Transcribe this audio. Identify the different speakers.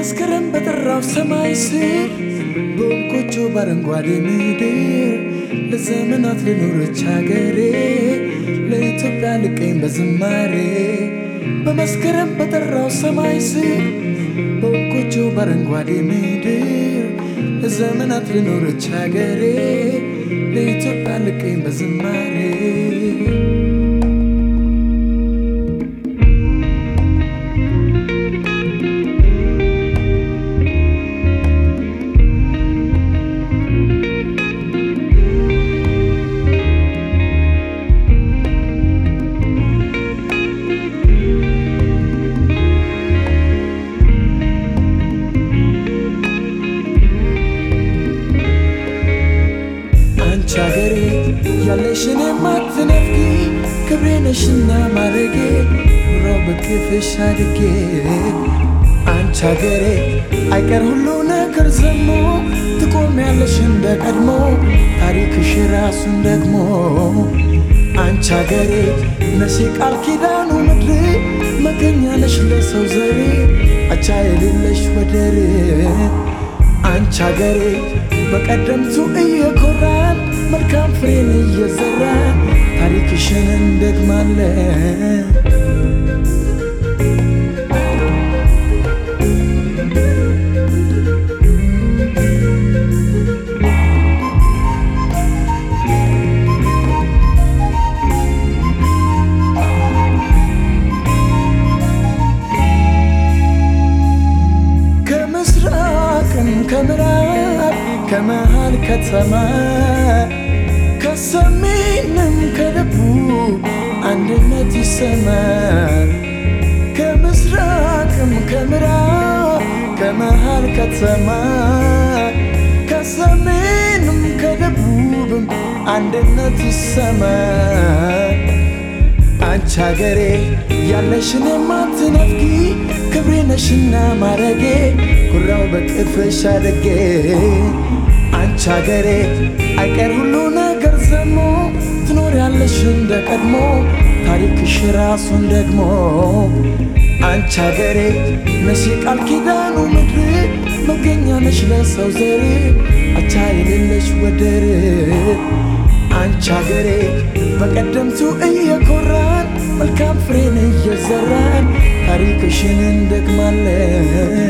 Speaker 1: መስከረም በጠራው ሰማይ ስር በቆጮ በአረንጓዴ ምድር ለዘመናት ልኖረች ሀገሬ ለኢትዮጵያ ልቀኝ በዝማሬ በመስከረም በጠራው ሰማይ ስር በቆጮ በአረንጓዴ ምድር ለዘመናት ልኖረች ሀገሬ ለኢትዮጵያ ልቀኝ በዝማሬ ነች አገሬ ያለሽን የማትነፍጊ ክብሬ ነሽና ማረጌ ኑሮ በክፍሽ አድጌ አንቺ አገሬ አይቀር ሁሉ ነገር ዘሞ ትቆሚያለሽ እንደ ቀድሞ ታሪክሽ ራሱን ደግሞ አንቺ አገሬ ነሽ ቃል ኪዳኑ ምድር መገኛ ነሽ ለሰው ዘሬ አቻ የሌለሽ ወደር አንቺ አገሬ በቀደምቱ እየኮረ ፍሬን እየዘራ ታሪክሽን እንደግማለን። ከምስራቅም ከምዕራብ ከመሃል ከተማ አንድነት ይሰማል ከምስራቅም ከምዕራብ ከመሃል ከተማ ከሰሜንም ከደቡብም አንድነት ይሰማል አንቺ አገሬ ያለሽን የማትነፍጊ ክብሬ ነሽና ማረጌ ኩራው በቅፍሽ አድጌ አንቺ ሀገሬ አይቀር ሁሉ ነገር ቀድሞ ታሪክሽ ራሱን ደግሞ አንቺ አገሬ ነሽ ቃል ኪዳኑ ምድር መገኛ ነሽ ለሰው ዘር አቻ የሌለሽ ወደር አንቺ አገሬ በቀደምቱ እየኮራን መልካም ፍሬን እየዘራን ታሪክሽን እንደግማለን።